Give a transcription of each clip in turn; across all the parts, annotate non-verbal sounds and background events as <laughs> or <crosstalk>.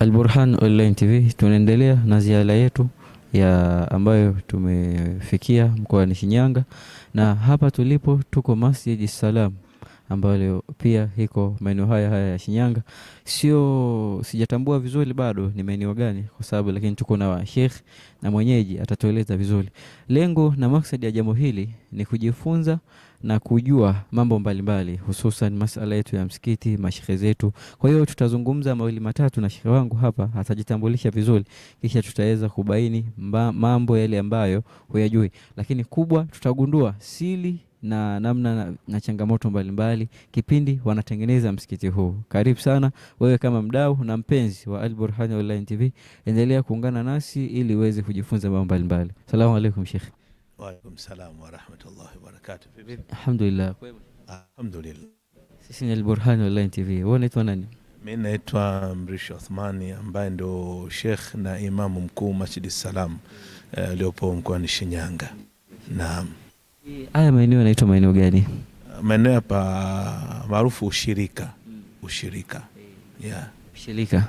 Alburhan Online TV tunaendelea na ziara yetu ya ambayo tumefikia mkoani Shinyanga, na hapa tulipo tuko Masjid Salam ambayo pia iko maeneo haya haya ya Shinyanga. Sio, sijatambua vizuri bado ni maeneo gani kwa sababu, lakini tuko na sheikh na mwenyeji atatueleza vizuri. Lengo na maksadi ya jambo hili ni kujifunza na kujua mambo mbalimbali, hususan masala yetu ya msikiti, mashehe zetu. Kwa hiyo tutazungumza mawili matatu na shehe wangu hapa, atajitambulisha vizuri, kisha tutaweza kubaini mba, mambo yale ambayo huyajui, lakini kubwa tutagundua sili na namna na, na changamoto mbalimbali mbali, kipindi wanatengeneza msikiti huu. Karibu sana wewe kama mdau na mpenzi wa alburhani Online TV, endelea kuungana nasi ili uweze kujifunza mambo mbalimbali. Salamu alaikum Sheikh. Waalaikum salam warahmatullahi Alhamdulillah. Alhamdulillah. Sisi ni Alburhani Online TV. Wewe unaitwa nani? naitwa Mrisho Othmani ambaye ndo shekh na imamu mkuu Masjidi Salam aliopo eh, uh, mkoani Shinyanga. Naam. Haya maeneo yanaitwa maeneo gani? Maeneo hapa ah, maarufu ushirika. Ushirika. Yeah. Ushirika.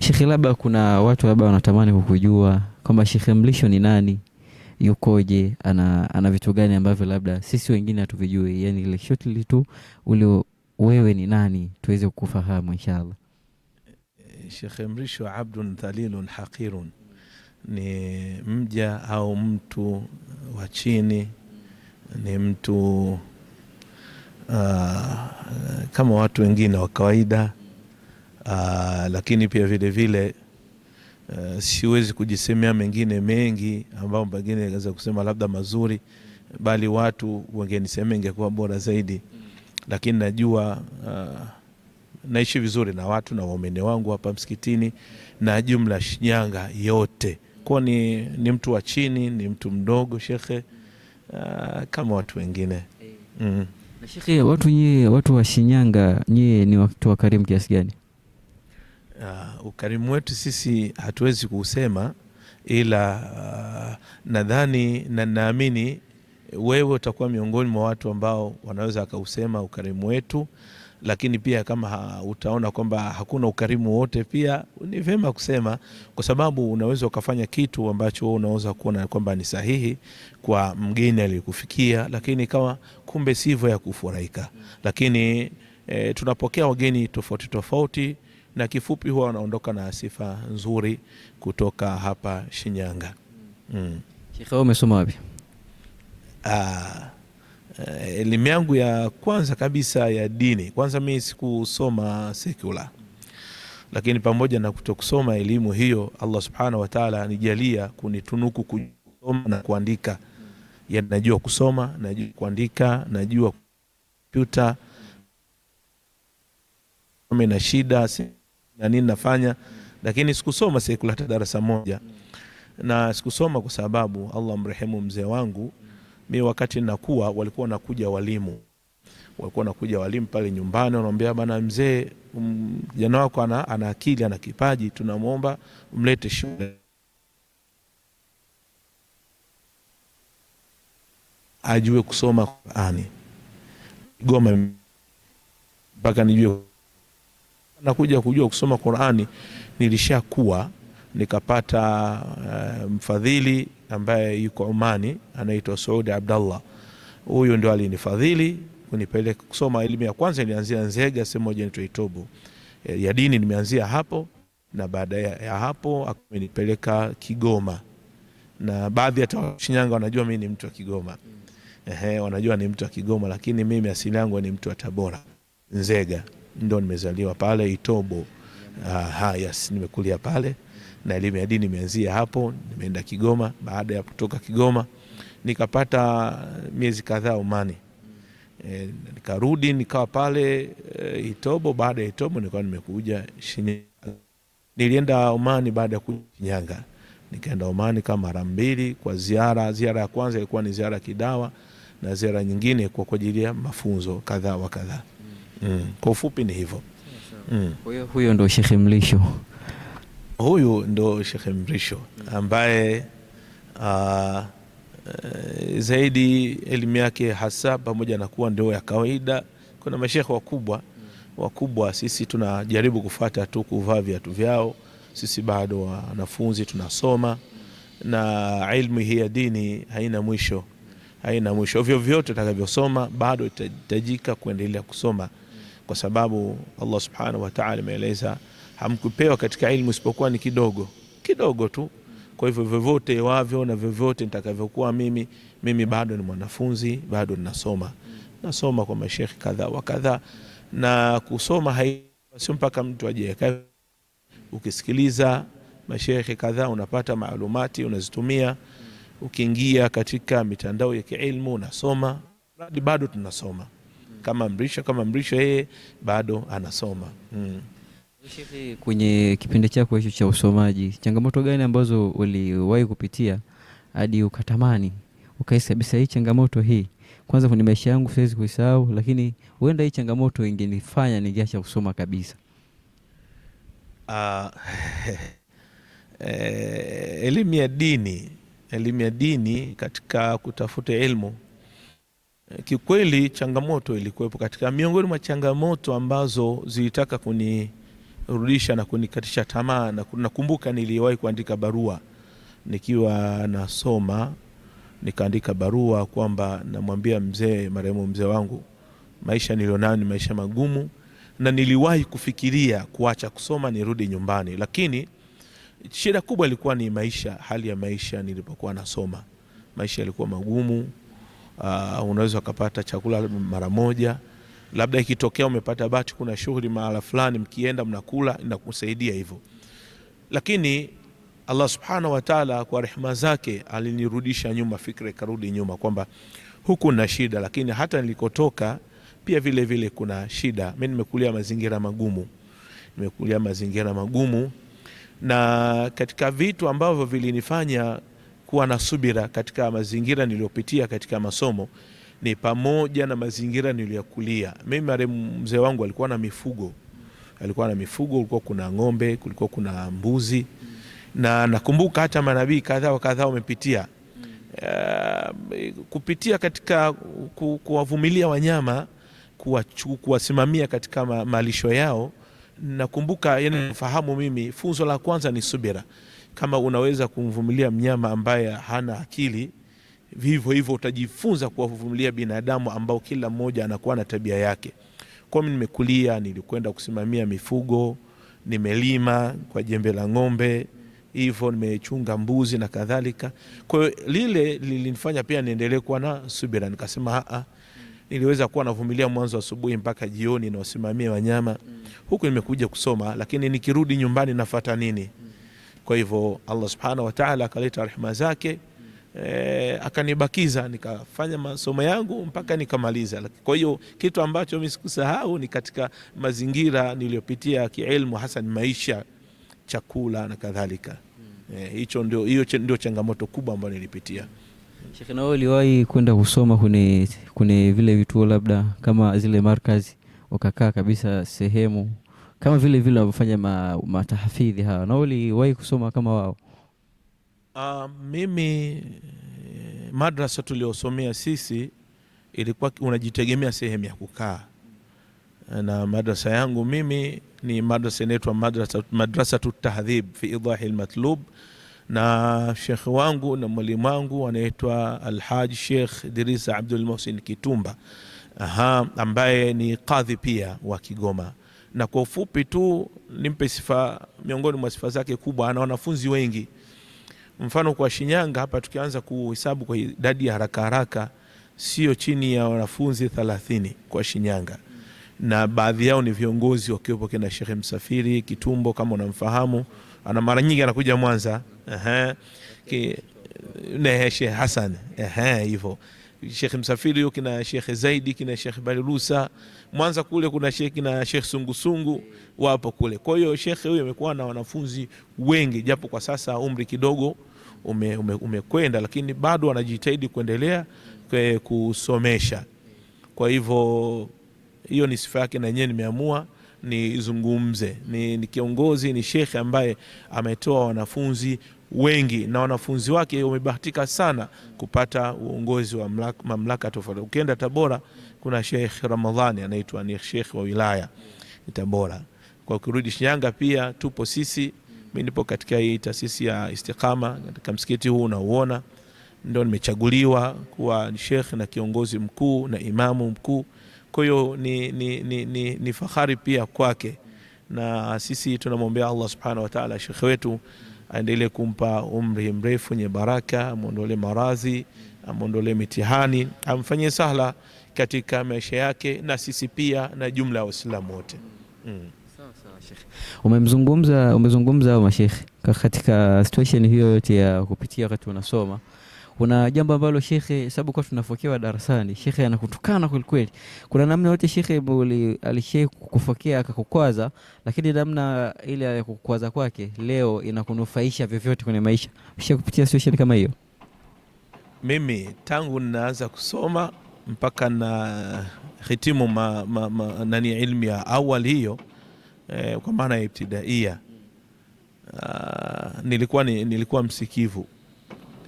Shekhe, labda kuna watu labda wanatamani kukujua kwamba shekhe Mrisho ni nani? yukoje, ana, ana vitu gani ambavyo labda sisi wengine hatuvijui, yani ile shortly tu ule wewe ni nani tuweze kukufahamu inshallah. Shekhe Mrisho abdun dhalilun haqirun ni mja au mtu wa chini, ni mtu uh, kama watu wengine wa kawaida uh, lakini pia vile vile Eh, siwezi kujisemea mengine mengi ambayo pengine naweza kusema labda mazuri, bali watu wangenisemea ingekuwa bora zaidi, lakini najua uh, naishi vizuri na watu na waumini wangu hapa msikitini na jumla Shinyanga yote, kwa ni, ni mtu wa chini, ni mtu mdogo shekhe, uh, kama watu wengine mm. Shekhe, watu nye, watu wa Shinyanga nyie ni watu wakarimu kiasi gani? Uh, ukarimu wetu sisi hatuwezi kuusema, ila uh, nadhani na naamini wewe utakuwa miongoni mwa watu ambao wanaweza akausema ukarimu wetu, lakini pia kama ha, utaona kwamba hakuna ukarimu wote, pia ni vema kusema, kwa sababu unaweza ukafanya kitu ambacho wewe unaweza kuona kwamba ni sahihi kwa mgeni aliyekufikia, lakini kama kumbe sivyo ya kufurahika. Lakini eh, tunapokea wageni tofauti tofauti na kifupi huwa wanaondoka na sifa nzuri kutoka hapa Shinyanga. Mm. Shekhe, umesoma wapi? Ah, eh, elimu yangu ya kwanza kabisa ya dini, kwanza mimi sikusoma sekula, lakini pamoja na kutokusoma elimu hiyo, Allah subhanahu wa taala anijalia kunitunuku kusoma na kuandika. ya, najua kusoma, najua kuandika, najua kompyuta na shida na nini nafanya, lakini sikusoma sekula hata darasa moja, na sikusoma kwa sababu Allah mrehemu mzee wangu, mi wakati nakuwa walikuwa nakuja walimu walikuwa nakuja walimu pale nyumbani, wanaambia bana, mzee um, jana wako ana, ana akili ana kipaji, tunamwomba mlete shule ajue kusoma Qurani. Goma mpaka nijue nakuja kujua kusoma Qurani nilishakuwa nikapata uh, mfadhili ambaye yuko Omani anaitwa Saudi Abdallah. Huyu ndio alinifadhili kunipeleka kusoma elimu ya kwanza. Nilianzia Nzega, sehemu moja inaitwa Itobo e, eh, ya dini, nimeanzia hapo na baada ya ya hapo akanipeleka Kigoma, na baadhi ya Shinyanga wanajua mimi ni mtu wa Kigoma. Ehe, wanajua ni mtu wa Kigoma, lakini mimi asili yangu ni mtu wa Tabora, Nzega ndo nimezaliwa pale Itobo. Uh, yes, nimekulia pale na elimu ya dini imeanzia hapo. Nimeenda Kigoma, baada ya kutoka Kigoma nikapata miezi kadhaa Umani. E, nikarudi nikawa pale e, Itobo. Baada ya Itobo nikawa nimekuja Shinyanga. Nilienda Omani baada ya kuja Shinyanga, nikaenda Omani kama mara mbili kwa ziara. Ziara ya kwanza ilikuwa ni ziara kidawa na ziara nyingine kwa kwa ajili ya mafunzo kadhaa wa kadhaa. Kwa ufupi ni hivyo mm. Huyo, huyo ndo Shekhe Mrisho, huyu ndo Shekhe Mrisho ambaye uh, zaidi elimu yake hasa pamoja na kuwa ndio ya kawaida. Kuna mashekhe wakubwa wakubwa, sisi tunajaribu kufata tu kuvaa viatu vyao. Sisi bado wanafunzi tunasoma, na ilmu hii ya dini haina mwisho, haina mwisho. Vyovyote utakavyosoma bado itahitajika kuendelea kusoma kwa sababu Allah subhanahu wa ta'ala ameeleza hamkupewa katika ilmu isipokuwa ni kidogo kidogo tu. Kwa hivyo vyovyote wavyo na vyovyote nitakavyokuwa mimi, mimi bado ni mwanafunzi, bado ninasoma, nasoma kwa mashekhi kadha wa kadha, na kusoma sio mpaka mtu aje. Ukisikiliza mashekhi kadhaa unapata maalumati, unazitumia. Ukiingia katika mitandao ya kiilmu unasoma, bado tunasoma kama mrisho kama mrisho, yeye bado anasoma mm. kwenye kipindi chako hicho cha usomaji, changamoto gani ambazo uliwahi kupitia hadi ukatamani ukaisi kabisa hii changamoto hii kwanza kwenye maisha yangu siwezi kuisahau, lakini huenda hii changamoto ingenifanya ningeacha kusoma kabisa? Uh, <laughs> elimu ya dini, elimu ya dini katika kutafuta elimu kikweli changamoto ilikuwepo. Katika miongoni mwa changamoto ambazo zilitaka kunirudisha na kunikatisha tamaa, na nakumbuka niliwahi kuandika barua nikiwa nasoma, nikaandika barua kwamba namwambia mzee, marehemu mzee wangu, maisha nilionayo ni maisha magumu, na niliwahi kufikiria kuacha kusoma nirudi nyumbani, lakini shida kubwa ilikuwa ni maisha, hali ya maisha nilipokuwa nasoma, maisha yalikuwa magumu uh, unaweza ukapata chakula mara moja, labda ikitokea umepata bahati, kuna shughuli mahala fulani, mkienda mnakula, inakusaidia hivyo. Lakini Allah subhanahu wa taala kwa rehema zake alinirudisha nyuma, fikra ikarudi nyuma kwamba huku na shida, lakini hata nilikotoka pia vile vile kuna shida. Mimi nimekulia mazingira magumu, nimekulia mazingira magumu, na katika vitu ambavyo vilinifanya kuwa na subira katika mazingira niliyopitia katika masomo ni pamoja na mazingira niliyokulia mimi. Marehemu mzee wangu alikuwa na mifugo, alikuwa na mifugo, kulikuwa kuna ng'ombe, kulikuwa kuna mbuzi, na nakumbuka hata manabii kadhaa kadhaa wamepitia uh, kupitia katika ku, kuwavumilia wanyama, kuwasimamia katika malisho yao. Nakumbuka yani, fahamu mimi funzo la kwanza ni subira. Kama unaweza kumvumilia mnyama ambaye hana akili, vivyo hivyo utajifunza kuwavumilia binadamu ambao kila mmoja anakuwa na tabia yake. Kwa mimi nimekulia, nilikwenda kusimamia mifugo, nimelima kwa jembe la ng'ombe hivyo nimechunga mbuzi na kadhalika. Kwa hiyo lile lilinifanya pia niendelee kuwa na subira, nikasema aa, niliweza kuwa navumilia mwanzo asubuhi mpaka jioni na wasimamia wanyama, huku nimekuja kusoma, lakini nikirudi nyumbani nafata nini? Kwa hivyo Allah subhanahu wa ta'ala akaleta rehema zake e, akanibakiza nikafanya masomo yangu mpaka nikamaliza. Kwa hiyo kitu ambacho mimi sikusahau ni katika mazingira niliyopitia kielimu, hasa ni maisha, chakula na kadhalika. E, hicho e, ndio hiyo ndio changamoto kubwa ambayo nilipitia. Sheikh, na wewe uliwahi kwenda kusoma kwenye vile vituo labda kama zile markazi ukakaa kabisa sehemu kama vile vile wanavyofanya ma hawa, na uliwahi kusoma kama wao? Uh, mimi madrasa tuliosomea sisi ilikuwa unajitegemea sehemu ya kukaa, na madrasa yangu mimi ni madrasa inaitwa madrasa madrasa tahdhib fi idahi lmatlub, na shekhe wangu na mwalimu wangu anaitwa Alhaj shekh Dirisa Abdul Mohsin Kitumba, aha, ambaye ni kadhi pia wa Kigoma na kwa ufupi tu nimpe sifa, miongoni mwa sifa zake kubwa, ana wanafunzi wengi. Mfano kwa Shinyanga hapa, tukianza kuhesabu kwa idadi ya haraka haraka, sio chini ya wanafunzi thelathini kwa Shinyanga, na baadhi yao ni viongozi wakiwepo kina Sheikh Msafiri Kitumbo, kama unamfahamu, ana mara nyingi anakuja Mwanza, ehe, Sheikh Hasan, ehe, hivyo Shekhe Msafiri huyo, kina Shekhe Zaidi, kina Shekhe Balirusa. Mwanza kule kuna Shekhe na Shekhe Sungusungu wapo kule. Kwa hiyo shekhe huyo amekuwa na wanafunzi wengi, japo kwa sasa umri kidogo umekwenda ume, ume lakini bado wanajitahidi kuendelea kusomesha. Kwa hivyo hiyo ni sifa yake na yeye nimeamua nizungumze. Ni, ni kiongozi ni shekhe ambaye ametoa wanafunzi wengi na wanafunzi wake wamebahatika sana kupata uongozi wa mamlaka, tofauti. Ukienda Tabora kuna Sheikh Ramadhani anaitwa ni Sheikh wa wilaya Tabora. Kwa kurudi Shinyanga pia tupo sisi, mimi nipo katika hii taasisi ya Istiqama katika msikiti huu unaouona, ndio nimechaguliwa kuwa sheikh na kiongozi mkuu na imamu mkuu. Kwa hiyo ni, ni, ni, ni, ni fahari pia kwake, na sisi tunamwombea Allah subhanahu wa ta'ala sheikh wetu aendelee kumpa umri mrefu wenye baraka, amwondolee maradhi, amwondolee mitihani, amfanyie sahla katika maisha yake na sisi pia na jumla ya Waislamu wote mm. Umezungumza umezungumza mashekhe katika situation hiyo yote ya kupitia wakati unasoma kuna jambo ambalo shekhe, sababu kwa tunafokewa darasani, shekhe anakutukana kweli kweli. Kuna namna yote shekhe alishe kufokea akakukwaza, lakini namna ile ya kukwaza kwake leo inakunufaisha vyovyote kwenye maisha. kupitia situation kama hiyo? Mimi tangu ninaanza kusoma mpaka na hitimu ma, ma, ma, nani ilmu ya awali hiyo eh, kwa maana ya ibtidaia Uh, nilikuwa, nilikuwa msikivu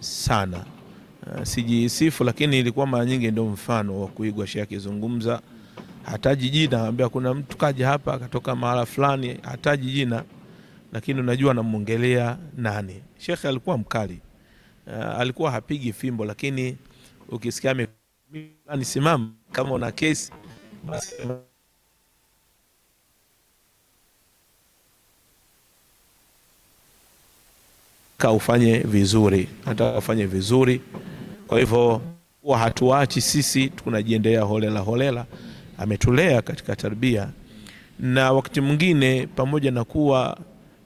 sana Eh, sijisifu sijiisifu lakini ilikuwa mara nyingi ndio mfano wa kuigwa. Shehe akizungumza hataji jina, anambia kuna mtu kaja hapa akatoka mahala fulani, hataji jina, lakini unajua anamwongelea nani. Shehe alikuwa mkali. Uh, alikuwa hapigi fimbo, lakini ukisikia simama kama una kesi ufanye vizuri, nataka ufanye vizuri. Kwa hivyo huwa hatuachi sisi, tunajiendea holela holela. Ametulea katika tarbia, na wakati mwingine pamoja na kuwa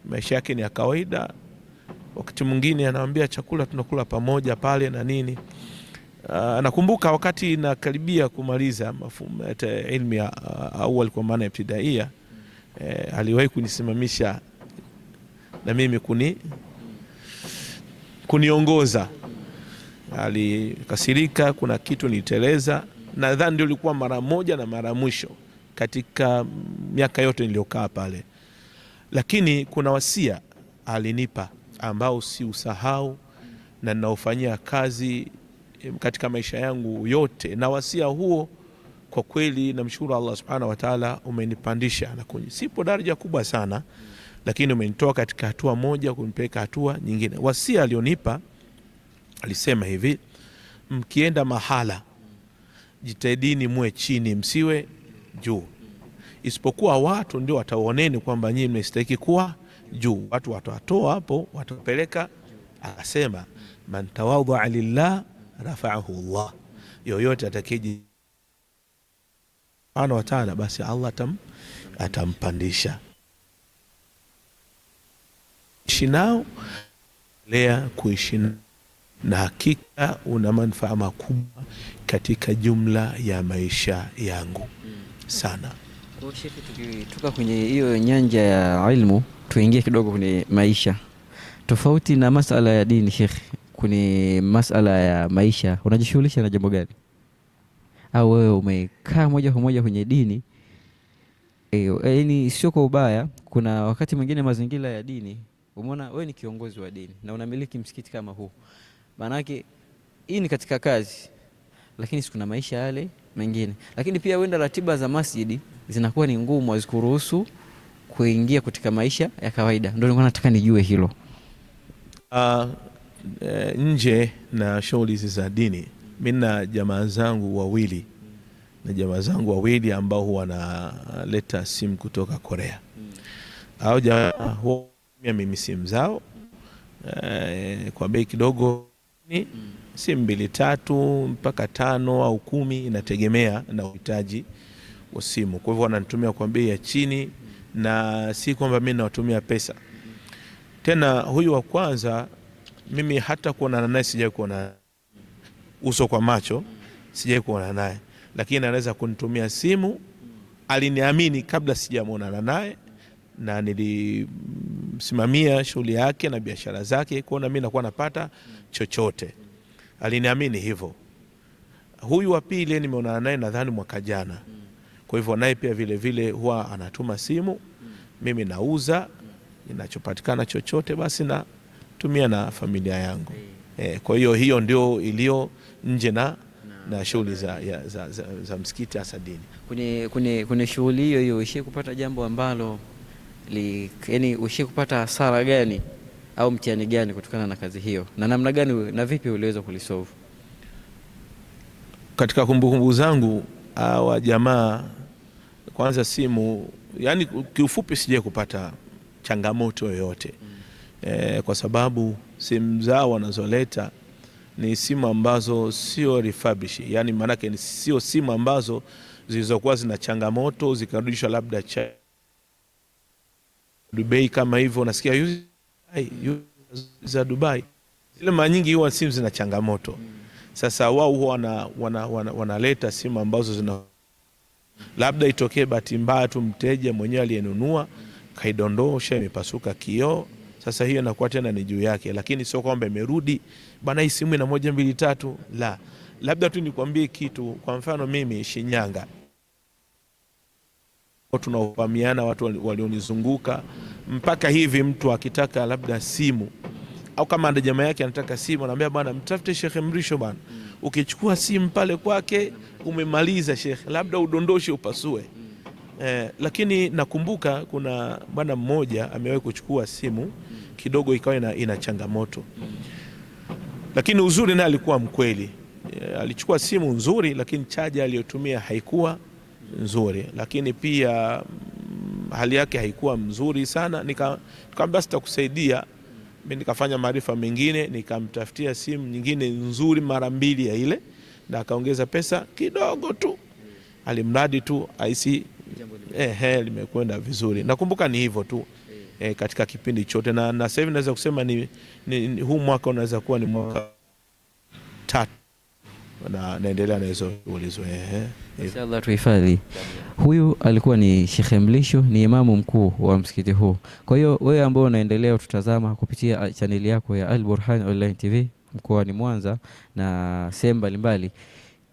maisha yake ni ya kawaida, wakati mwingine anawambia chakula tunakula pamoja pale na nini. Uh, nakumbuka wakati nakaribia kumaliza mafumo ya ilmu ya uh, awali kwa maana ya ibtidaia eh, aliwahi kunisimamisha na mimi kuni kuniongoza alikasirika, kuna kitu niteleza. Nadhani ndio ilikuwa mara moja na mara mwisho katika miaka yote niliyokaa pale, lakini kuna wasia alinipa ambao si usahau na ninaofanyia kazi katika maisha yangu yote, na wasia huo kwa kweli namshukuru Allah subhanahu wa taala, umenipandisha na sipo daraja kubwa sana, lakini umenitoa katika hatua moja kunipeleka hatua nyingine. Wasia alionipa Alisema hivi, mkienda mahala jitahidini muwe chini, msiwe juu, isipokuwa watu ndio wataoneni kwamba nyinyi mnastahili kuwa juu. Watu watawatoa hapo, watapeleka. Akasema, man tawadhaa lillah rafaahu llah, yoyote atakiji subhana wa taala, basi Allah atam, atampandisha ishi nao lea kuishi na hakika una manufaa makubwa katika jumla ya maisha yangu sana. Tukitoka kwenye hiyo nyanja ya ilmu, tuingie kidogo kwenye maisha tofauti na masala ya dini. Sheikh, kwenye masala ya maisha unajishughulisha na jambo gani? Au wewe umekaa moja kwa moja kwenye dini? Eh, yaani sio kwa ubaya, kuna wakati mwingine mazingira ya dini, umeona wewe ni kiongozi wa dini na unamiliki msikiti kama huu Maanake hii ni katika kazi, lakini sikuna maisha yale mengine. Lakini pia huenda ratiba za masjidi zinakuwa ni ngumu, hazikuruhusu kuingia katika maisha ya kawaida. Ndio nilikuwa nataka nijue hilo. Uh, uh, nje na shughuli hizi za dini, mimi na jamaa zangu wawili na jamaa zangu wawili ambao wanaleta simu kutoka Korea au jamaa huwa mimi simu zao uh, kwa bei kidogo ni mm. si mbili tatu mpaka tano au kumi, inategemea na uhitaji wa simu. Kwa hivyo wananitumia kwa bei ya chini, na si kwamba mimi nawatumia pesa. Tena huyu wa kwanza mimi hata kuonana naye sijai kuona uso kwa macho, sijai kuona naye, lakini anaweza kunitumia simu. Aliniamini kabla sijamwonana naye na nili kumsimamia shughuli yake na biashara zake, kuona mimi nakuwa napata chochote. Aliniamini hivyo. Huyu wa pili nimeonana naye nadhani mwaka jana, kwa hivyo naye pia vile vile huwa anatuma simu, mimi nauza inachopatikana chochote basi natumia na familia yangu. E, kwa hiyo hiyo ndio iliyo nje na na shughuli za, za, za, za msikiti hasa dini. Kwenye shughuli hiyo hiyo ishie kupata jambo ambalo yani ushi kupata hasara gani au mtihani gani kutokana na kazi hiyo na namna gani na vipi uliweza kulisolve? Katika kumbukumbu zangu hawa jamaa kwanza simu, yani kiufupi, sije kupata changamoto yoyote mm. E, kwa sababu simu zao wanazoleta ni simu ambazo sio refurbish, yani maanake sio simu ambazo zilizokuwa zina changamoto zikarudishwa labda cha Dubai kama hivyo, unasikia za Dubai zile mara nyingi huwa simu zina changamoto. Sasa wao huwa wanaleta wana, wana, wana simu ambazo zina labda itokee bahati mbaya tu mteja mwenyewe aliyenunua kaidondosha imepasuka kioo. Sasa hiyo inakuwa tena ni juu yake, lakini sio kwamba imerudi bana, hii simu ina moja mbili tatu, la labda tu nikwambie kitu. Kwa mfano mimi Shinyanga tunaofahamiana, watu walionizunguka, mpaka hivi mtu akitaka labda simu au kama ndio jamaa yake anataka simu, anaambia bwana, mtafute Shekhe Mrisho bwana. Ukichukua simu pale kwake umemaliza shekhe, labda udondoshe upasue. Eh, lakini nakumbuka kuna bwana mmoja amewahi kuchukua simu kidogo ikawa ina, ina changamoto, lakini uzuri naye alikuwa mkweli. Eh, alichukua simu nzuri, lakini chaja aliyotumia haikuwa nzuri, lakini pia mm, hali yake haikuwa mzuri sana. Nikamwambia basi takusaidia mimi, nikafanya maarifa mengine, nikamtafutia simu nyingine nzuri mara mbili ya ile, na akaongeza pesa kidogo tu, alimradi tu aisi eh, limekwenda vizuri. Nakumbuka ni hivyo tu eh, eh katika kipindi chote, na sasa hivi naweza kusema ni, ni, huu mwaka unaweza kuwa ni mwaka tatu naendelea na hizo ulizo. tuhifadhi. Huyu alikuwa ni Shekhe Mlisho, ni imamu mkuu wa msikiti huu. Kwa hiyo wewe ambao unaendelea ututazama kupitia chaneli yako ya Al Burhan Online TV mkoani Mwanza na sehemu mbalimbali,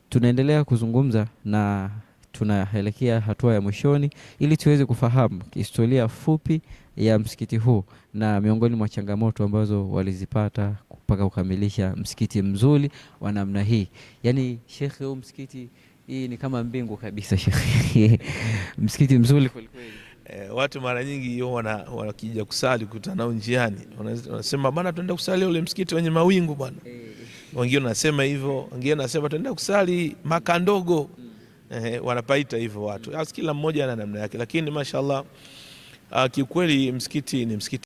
tunaendelea kuzungumza na tunaelekea hatua ya mwishoni, ili tuweze kufahamu historia fupi ya msikiti huu na miongoni mwa changamoto ambazo walizipata mpaka kukamilisha msikiti mzuri wa namna hii. Yaani shekhe, huu msikiti hii ni kama mbingu kabisa shekhe. <laughs> msikiti mzuri kweli kweli. Eh, watu mara nyingi wana kusali kutanao nao njiani wanasema, bana, tunaenda kusali ule msikiti wenye mawingu bwana eh. Wengine wanasema hivyo, wengine wanasema tunaenda kusali Maka ndogo mm. Eh, wanapaita hivyo watu mm. Kila mmoja ana namna yake, lakini mashallah ah, kiukweli msikiti ni msikiti.